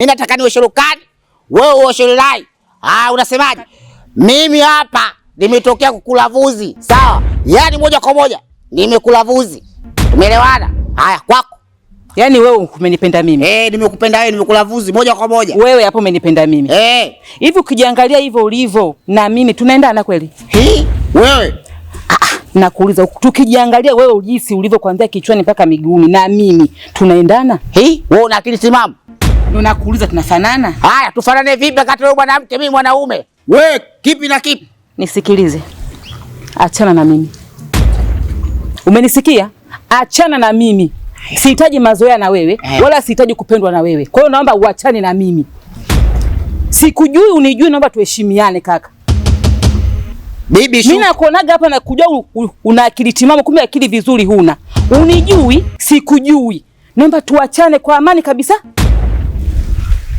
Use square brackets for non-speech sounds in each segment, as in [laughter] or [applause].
Mimi nataka niwe shurukani, wewe uwe shurulai. Ah, unasemaje? Mimi hapa nimetokea kukula vuzi, sawa? Yaani moja kwa moja nimekula vuzi, umeelewana? Haya, kwako. Yaani wewe umenipenda mimi eh? Nimekupenda wewe, nimekula vuzi moja kwa moja. Wewe hapo umenipenda mimi eh? Hivi ukijiangalia hivyo ulivyo na mimi tunaendana kweli? Hii wewe ah, ah, nakuuliza tukijiangalia wewe ujisi ulivyo kuanzia kichwani mpaka miguuni na mimi tunaendana? Hii wewe una akili timamu? Ndio nakuuliza tunafanana? Haya, tufanane vipi kati wewe mwanamke mimi mwanaume? We, kipi na kipi? Nisikilize. Achana na mimi. Umenisikia? Achana na mimi. Sihitaji mazoea na wewe eh. wala sihitaji kupendwa na wewe. Kwa hiyo naomba uachane na mimi. Sikujui unijui, naomba tuheshimiane kaka. Bibi Shu. Mimi nakuonaga hapa na kujua una akili timamu, kumbe akili vizuri huna. Unijui, sikujui. Naomba tuachane kwa amani kabisa.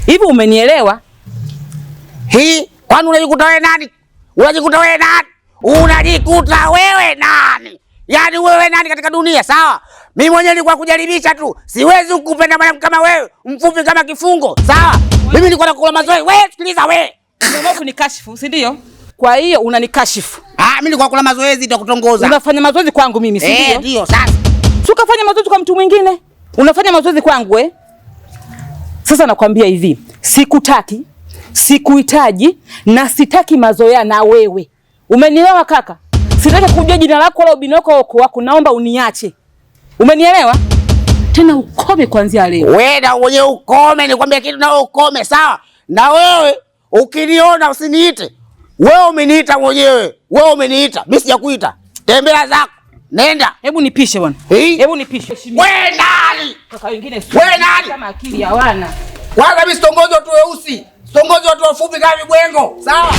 Hivi umenielewa? Hii kwani unajikuta wewe nani? Unajikuta wewe nani? Unajikuta wewe nani? Yaani wewe nani katika dunia, sawa? Mimi mwenyewe nilikuwa kujaribisha tu. Siwezi kukupenda mwanamke kama wewe, mfupi kama kifungo, sawa? Mimi nilikuwa nakula mazoezi. Wewe sikiliza wewe. Ndio kunikashifu, si ndio? Kwa hiyo unanikashifu. Ah, mimi nilikuwa nakula mazoezi ndio kutongoza. Unafanya mazoezi kwangu mimi, si ndio? Eh, ndio sasa. Sukafanya mazoezi kwa mtu mwingine. Unafanya mazoezi kwangu eh? Sasa nakwambia hivi, sikutaki, sikuhitaji na sitaki mazoea na wewe. Umenielewa kaka? Sitaki kujua jina lako wala ubinoko wako, naomba uniache. Umenielewa? Tena ukome kwanzia leo. Wewe na wewe ukome, nikwambia kitu na ukome, sawa? Na wewe ukiniona usiniite. Wewe umeniita mwenyewe. Wewe umeniita. Mimi sijakuita. Tembea zako. Nenda. Hebu nipishe bwana. Hebu nipishe. Wewe nani? Kaka wengine sio. Wewe nani? Kama akili hawana. Wala mimi sitongozwi watu weusi. Sitongozwi watu wafupi kama vibwengo. Sawa?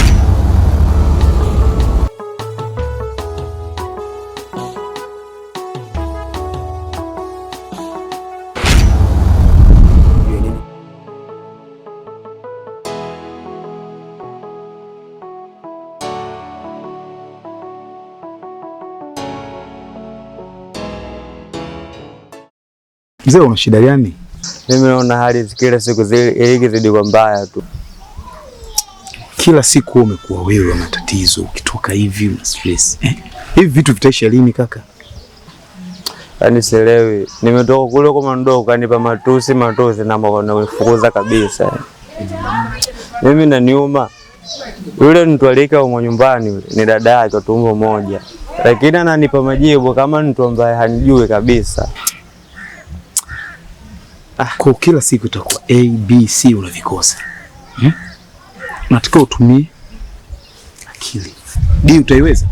Mzee, una shida gani? Mimi naona hali kila siku zidi kwa mbaya tu. Kila siku umekuwa wewe matatizo, ukitoka hivi una stress. Eh? Hivi vitu vitaisha lini kaka? Yaani sielewi. Nimetoka kule kwa Mandoo kanipa matusi matusi na mkanifukuza kabisa. Mimi na niuma Yule mtu alika kwa nyumbani yule ni dada yake tumbo moja, lakini ananipa majibu kama mtu ambaye hanijui kabisa. Ah, kwa kila siku itakuwa A B C unavikosa. Hmm? Unatakiwa utumie akili. D utaiweza?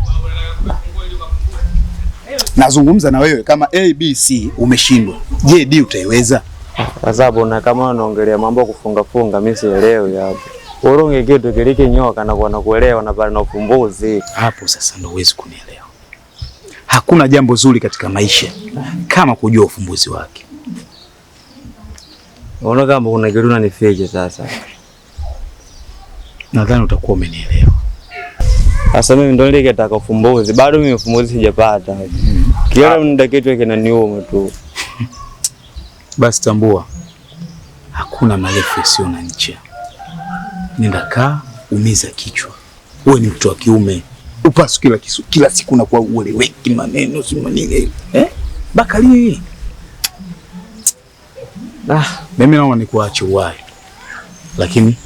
Nazungumza na wewe kama A B C umeshindwa. Je, D utaiweza? Sababu na kama unaongelea mambo kufunga funga mimi sielewi hapo. Urungi kitu nyoka na kuona kuelewa na pale na ufumbuzi. Hapo sasa ndio uwezi kunielewa. Hakuna jambo zuri katika maisha kama kujua ufumbuzi wake. Ona kama kuna kitu unanificha sasa. Nadhani utakuwa umenielewa. Sasa mimi ndo nile kitaka ufumbuzi. Bado mimi ufumbuzi sijapata. Mm. Kila mda kitu kinaniuma tu. Basi tambua. Hakuna marefu sio na ncha. Nenda kaa, umiza kichwa. Wewe ni mtu wa kiume. Upasu kila kisu, kila siku na kwa weki maneno si maneno. Eh? Ah. Mimi naona nikuache uwae, lakini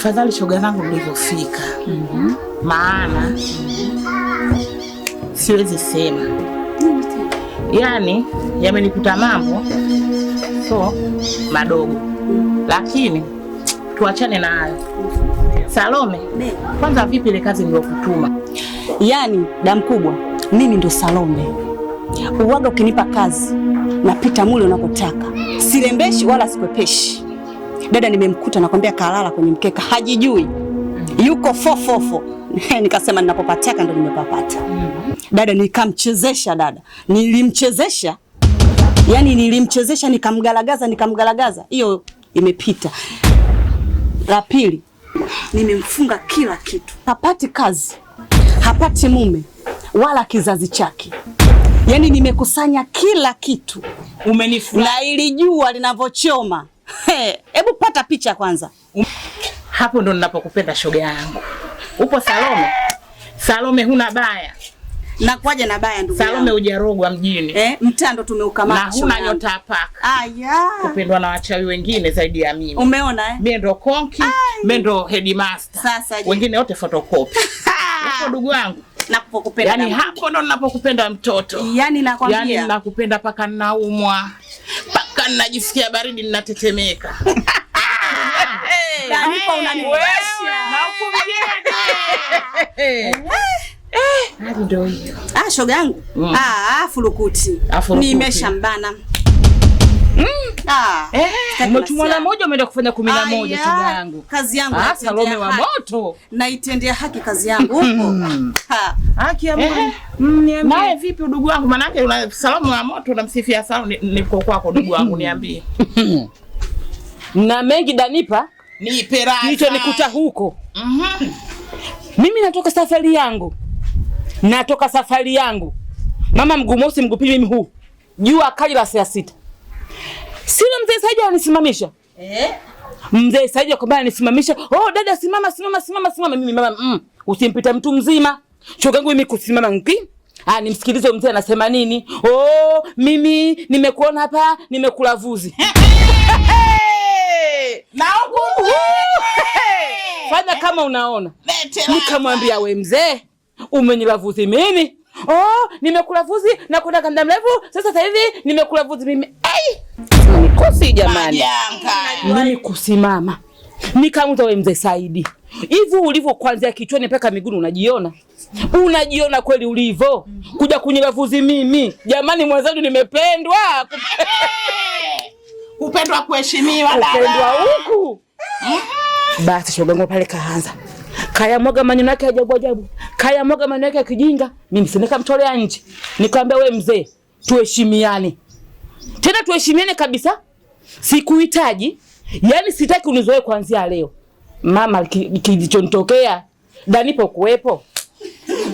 afadhali shoga zangu mlivyofika. mm -hmm. maana siwezi sema yaani yamenikuta mambo so madogo lakini tuachane na hayo. Salome, kwanza vipi ile kazi niliyokutuma? Yaani da mkubwa, mimi ndo Salome uwaga, ukinipa kazi napita mule unakotaka, sirembeshi wala sikwepeshi dada nimemkuta, nakwambia kalala kwenye mkeka, hajijui yuko fofofo. [laughs] Nikasema ninapopataka ndo nimepapata. Mm-hmm. Dada nikamchezesha, dada nilimchezesha, yani nilimchezesha, nikamgalagaza, nikamgalagaza. Hiyo imepita. La pili nimemfunga kila kitu, hapati kazi, hapati mume wala kizazi chake. Yani nimekusanya kila kitu, umenifunga na ilijua linavyochoma Hebu pata picha kwanza. Um, Hapo ndo ninapokupenda shoga yangu. Upo Salome? Salome huna baya. Nakwaje na baya ndugu Salome hujarogwa mjini. Eh, mtando tumeukamata. Na huna nyota hapaka. Aya. Kupendwa na wachawi wengine zaidi ya mimi. Umeona eh? Mimi ndo konki, mimi ndo headmaster. Sasa je. Wengine wote photocopy. [laughs] Hapo ndugu wangu. Nakupenda. Yaani hapo ndo ninapokupenda mtoto. Yaani nakwambia. Yaani nakupenda paka naumwa. Pa kani najisikia baridi ninatetemeka. [laughs] [laughs] Eh, eh. ah, Shoga yangu, mm. ah, ah, furukuti nimeshambana umetumwa mm. ah. eh, na moja umeenda kufanya kumi na moja shida yangu. Kazi yangu ah, wa moto. Naitendea haki kazi yangu mm. eh. mm, vipi udugu wangu una wa moto sana niko kwako udugu wangu niambie. [laughs] Na mengi danipa Nicho nikuta huko. Mhm. Mimi natoka safari yangu. Natoka safari yangu. Mama mguu mosi mguu pili mimi huu. Jua kaji la saa sita. Sio mzee Saidi alinisimamisha. Eh? Mzee Saidi akwambia alinisimamisha. Oh, dada simama simama simama simama mimi mama. Mm. Usimpita mtu mzima. Shogangu mimi kusimama nki. Ah, nimsikilize mzee anasema nini? Oh, mimi nimekuona hapa, nimekula vuzi. [laughs] Na huko fanya kama unaona. Nikamwambia we mzee, umenilavuzi vuzi mimi. Oh, nimekula vuzi na kwenda kamda mrefu. Sasa sasa hivi nimekula vuzi mimi. Ai! jamani, mimi kusimama nikamuza we mzee Saidi, hivi ulivyo kuanzia kichwani mpaka miguuni unajiona? Unajiona kweli ulivyo? Kuja vuzi mimi jamani, mwenzenu nimependwa [laughs] upendwa kuheshimiwa, upendwa huku mm-hmm. basi. Shogangu pale kaanza kaya mwaga maneno yake ajabu ajabu, kaya mwaga maneno yake ya kijinga. Mimi sinika mtolea nje, nikamwambia we mzee, tuheshimiane tena, tuheshimiane kabisa Sikuhitaji, yani sitaki unizoe kuanzia leo. Mama kilichonitokea danipo kuwepo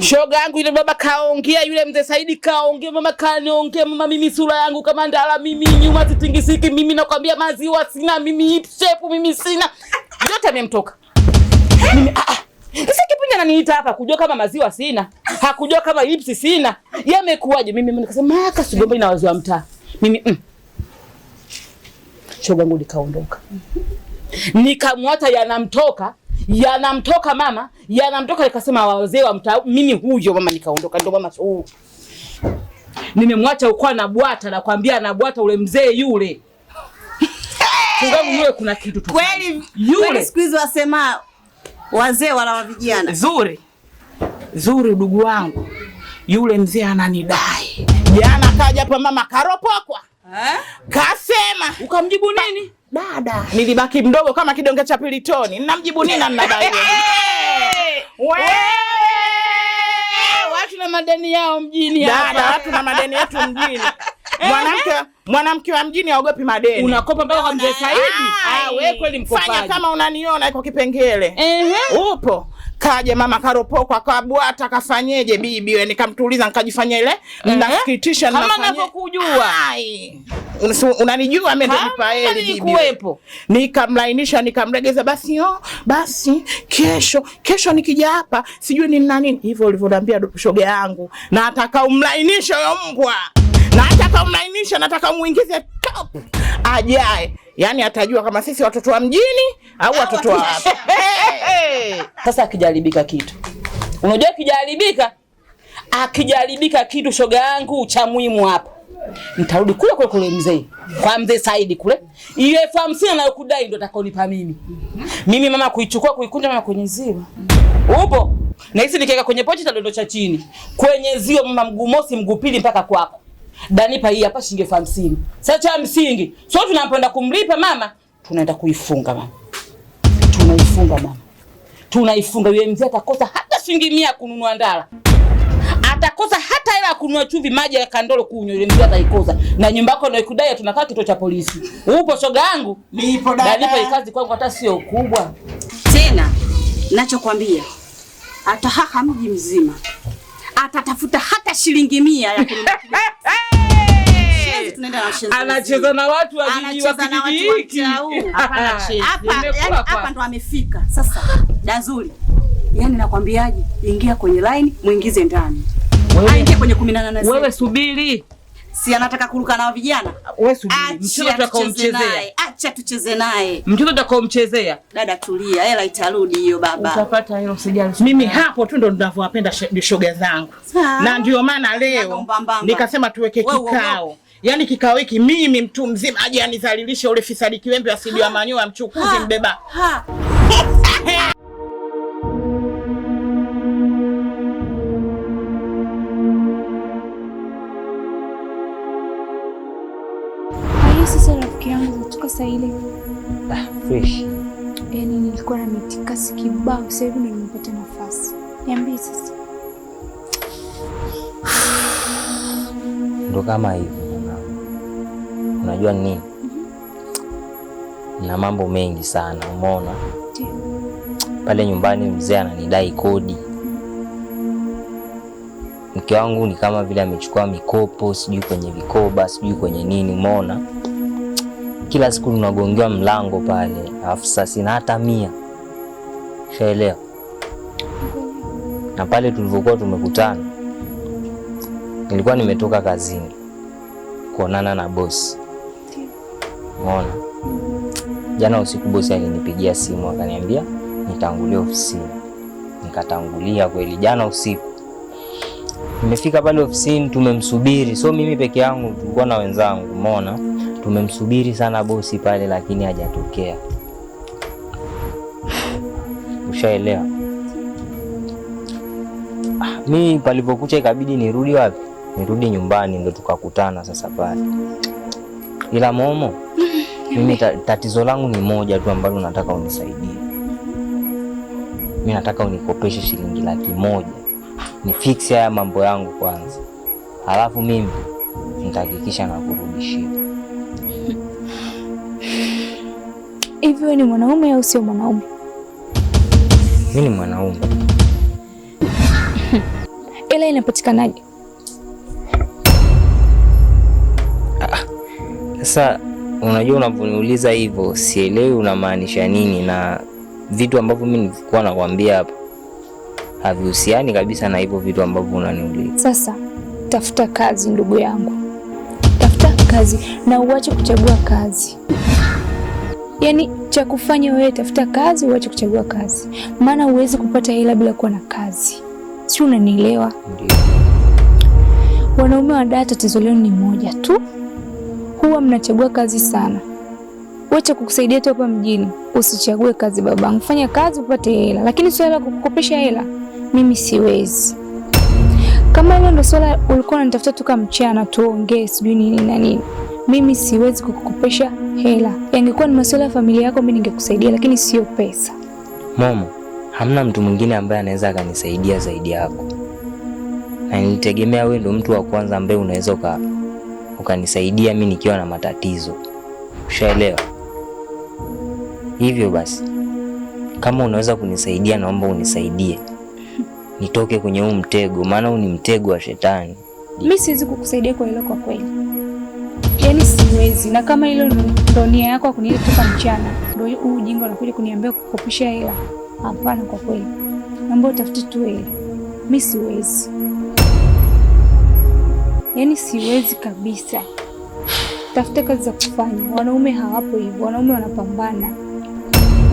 shoga yangu yule baba kaongea, yule mzee Saidi kaongea, mama kaniongea. Mama mimi sura yangu kama ndala, mimi nyuma titingisiki, mimi nakwambia maziwa sina, mimi hip shape mimi sina, yote amemtoka mimi. Ah, ah. Sasa kipindi ananiita hapa kujua kama maziwa sina, hakujua kama hips sina, yamekuwaje? Mimi nikasema maka sigombani na wazee wa mtaa mimi mm shogangu likaondoka. Nikamwata yanamtoka yanamtoka mama, yanamtoka nikasema, wazee wa mtaa mimi huyo mama, nikaondoka. Ndio mama huu nimemwacha uko na bwata, nakwambia na bwata ule mzee yule shogangu [laughs] yule, kuna kitu tu kweli yule. Siku hizo wasema wazee wala vijana. Zuri zuri, udugu wangu yule mzee ananidai jana, kaja hapa mama, karopokwa Kasema. Ukamjibu nini? Dada. Nilibaki mdogo kama kidonge cha pilitoni. Ninamjibu nini na ninadai? Watu na madeni yao mjini hapa. Dada, watu na madeni yetu mjini. Mwanamke mwanamke wa mjini haogopi madeni. Unakopa mpaka kwa mzee Saidi? Ah, wewe kweli mkopaji. Fanya kama unaniona iko kipengele. Ehe. Upo kaja mama karopoko kabwata kafanyeje bibi, nikamtuuliza nikajifanya ile mnasikitisha eh? na kama ninakujua unanijua mimi ndo nipaeli bibi, nikamlainisha nikamlegeza, basi yo oh, basi kesho kesho nikija hapa sijui ni nani hivyo ulivyoniambia shoga yangu, na atakaumlainisha yo mbwa na atakaumlainisha nataka umuingize top ajaye yani atajua kama sisi watoto wa mjini au watoto wa hapa. [laughs] sasa. Akijaribika kitu, unajua akijaribika, akijaribika kitu, shoga yangu, cha muhimu hapa nitarudi kule kule kule mzee kwa mzee Saidi kule, ile elfu hamsini anayokudai ndo atakonipa mimi. Mimi mama, kuichukua kuikunja, mama, kwenye ziwa upo na hisi, nikiweka kwenye pochi itadondosha chini kwenye ziwa, mama, mguu mosi mguu pili mpaka kwako Danipa hii hapa shilingi elfu hamsini. Sasa cha msingi, sio tunapenda kumlipa mama, tunaenda kuifunga mama. Tunaifunga mama. Tunaifunga yule mzee atakosa hata shilingi mia kununua ndala. Atakosa hata hela kununua chumvi, maji ya kandolo kunywa, yule mzee ataikosa. Na nyumba yako ndio ikudai, tunakaa kituo cha polisi. Upo shoga yangu? Nipo dada. Danipa hii kazi kwangu hata sio kubwa. Tena nachokwambia atahaha mji mzima. Atatafuta hata shilingi mia ya kununua. [laughs] anacheza na watu wa wa kijiji hiki [laughs] hapa anacheza. Hapa ndo amefika sasa. Danzuri, Yaani nakwambiaje, ingia kwenye line muingize ndani, aingie kwenye 18. na nane. Wewe subiri Si anataka kuruka na vijana. Wewe subiri, mchezo tutakaomchezea. Acha tucheze naye. Mchezo tutakaomchezea. Dada tulia, hela itarudi hiyo baba. Utapata hilo usijali. Mimi hapo tu ndo ninavyowapenda shoga zangu. Ah. Na ndio maana leo nikasema tuweke kikao yani kikao hiki mimi mtu mzima aje anizalilishe ule fisadi kiwembe wa manyoya mchukuzi mbeba. Ah, yaani nilikuwa na mitikasi kibao, sasa hivi nimepata nafasi. Niambie sasa. Ndo kama hivyo unajua nini? Mhm. Na mambo mengi sana, umeona pale nyumbani, mzee ananidai kodi, mke wangu ni kama vile amechukua mikopo, sijui kwenye vikoba, sijui kwenye nini, umeona kila siku tunagongewa mlango pale, alafu sasa sina hata mia, shaelewa. Na pale tulivyokuwa tumekutana, nilikuwa nimetoka kazini kuonana na bosi Umeona, jana usiku bosi alinipigia simu akaniambia nitangulie ofisini, nikatangulia kweli. Jana usiku nimefika pale ofisini, tumemsubiri, so mimi peke yangu, tulikuwa na wenzangu. Umeona, tumemsubiri sana bosi pale, lakini hajatokea. Ushaelewa? Mi palipokucha ikabidi nirudi wapi? Nirudi nyumbani, ndo tukakutana sasa pale, ila Momo mimi tatizo langu ni moja tu ambalo nataka unisaidie. Mimi nataka unikopeshe shilingi laki moja ni fix haya mambo yangu kwanza, halafu mimi nitahakikisha nakurudishia. Hivi wewe ni mwanaume au sio mwanaume? Mimi ni mwanaume. [laughs] Ila inapatikanaje? Ah, ah. Sasa Unajua, unavyoniuliza hivyo sielewi unamaanisha nini, na vitu ambavyo mimi nilikuwa nakwambia hapa havihusiani kabisa na hivyo vitu ambavyo unaniuliza. Sasa tafuta kazi, ndugu yangu, tafuta kazi na uache kuchagua kazi. Yaani cha kufanya wewe, tafuta kazi, uache kuchagua kazi, maana huwezi kupata hela bila kuwa na kazi, si unanielewa? Ndio. Wanaume wa dada, tatizo leo ni moja tu huwa mnachagua kazi sana. Wacha kukusaidia tu hapa mjini, usichague kazi babangu. Fanya kazi upate hela, lakini swala la kukukopesha hela mimi siwezi. Kama hilo ndio swala ulikuwa unanitafuta toka mchana, tuongee sijui nini na nini, mimi siwezi kukukopesha hela. Yangekuwa ni masuala ya familia yako, mimi ningekusaidia, lakini sio pesa. Mama, hamna mtu mwingine ambaye anaweza akanisaidia zaidi yako, na nilitegemea wewe ndio mtu wa kwanza ambaye unaweza ukanisaidia mi nikiwa na matatizo, ushaelewa? Hivyo basi kama unaweza kunisaidia, naomba unisaidie [laughs] nitoke kwenye huu mtego, maana huu ni mtego wa shetani. Mi siwezi kukusaidia kwa hilo kwa kweli, yaani siwezi. Na kama hilo ndo nia yako kunilitoka mchana, ndo huu ujinga unakuja kuniambia kukopisha hela, hapana. Kwa kweli naomba utafute tu hela, mi siwezi yani siwezi kabisa. Tafuta kazi za kufanya, wanaume hawapo hivyo, wanaume wanapambana.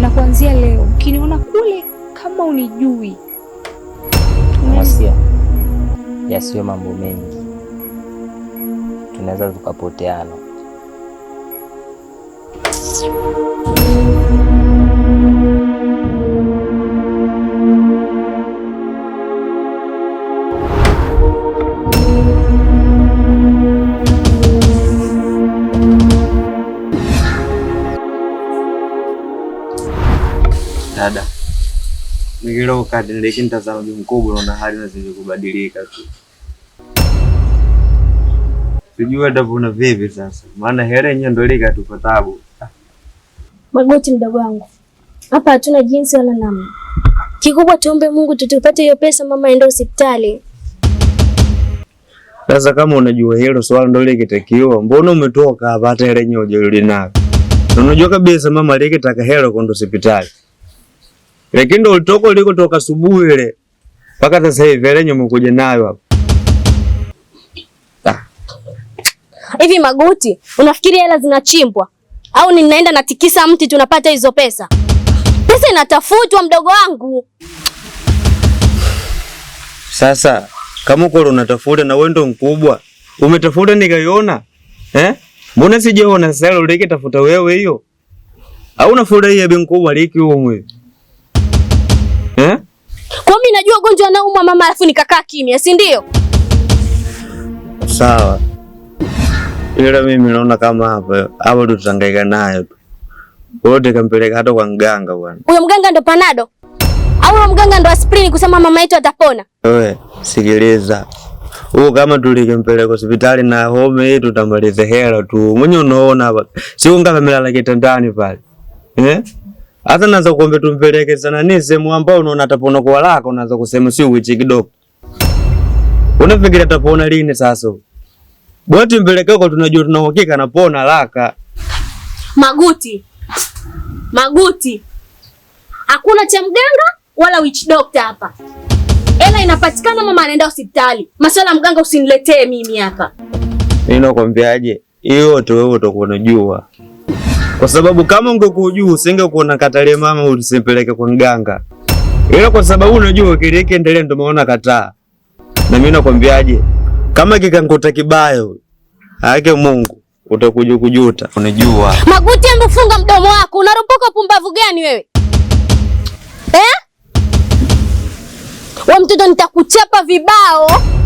Na kuanzia leo ukiniona kule kama unijui, Masia, yasiwe mambo mengi, tunaweza tukapoteana. kila wakati nilekini mtazamaji mkubwa, naona hali inazidi kubadilika tu, sijui atavuna vipi sasa, maana hera yenyewe ndio lika tupa tabu. Magoti mdogo wangu, hapa hatuna jinsi wala namna. Kikubwa tuombe Mungu tutupate hiyo pesa, mama aende hospitali. Sasa kama unajua hilo swala ndo likitakiwa, mbona umetoka hapa hata hela yenyewe hujarudi nayo? Unajua kabisa mama alikitaka hela kwenda hospitali. Lakini ndo ulitoka ulikotoka asubuhi ile mpaka sasa hivi ile nyuma ukoje nayo hapo? Ah. Hivi Maguti, unafikiri hela zinachimbwa au ninaenda natikisa mti tunapata hizo pesa? Pesa inatafutwa mdogo wangu. Sasa kama uko unatafuta na wewe ndo mkubwa, umetafuta nikaiona eh? Mbona sijaona? Sasa leo leke tafuta wewe hiyo, au unafurahia benki kubwa liki huko mwe kwa mimi najua gonjwa naumwa mama, alafu nikakaa kimya, si ndio? Sawa, ila mimi naona kama hapa hapa ndo tutangaika nayo tu wote, kampeleka hata kwa mganga bwana. Huyo mganga ndo panado au huyo mganga ndo aspirini kusema mama yetu atapona? Wewe sikiliza huo kama tulikimpeleka hospitali na home yetu tutamaliza hela tu. Mwenye unaona hapa, si unga amelala kitandani pale eh? Hata naanza kuombe tumpeleke sana ni sehemu ambayo unaona atapona kwa lako, naanza kusema si uchi kidogo. Unafikiri atapona lini sasa? Bwana tumpeleke kwa, tunajua tuna uhakika anapona haraka. Maguti. Maguti. Hakuna cha mganga wala witch doctor hapa. Ela inapatikana, mama anaenda hospitali. Masuala ya mganga usiniletee mimi hapa. Ninakwambiaje? Hiyo yote wewe utakuwa unajua kwa sababu kama juu usinge kuona katalia mama usipeleke kwa mganga, ila kwa sababu unajua kilikiendelea, ndio maana kataa. Na mimi nakwambiaje, kama kikankuta kibayo ake Mungu utakuja kujuta. Unajua Maguti, ambe mdomo wako, unaropoka pumbavu gani wewe eh? We mtoto nitakuchapa vibao.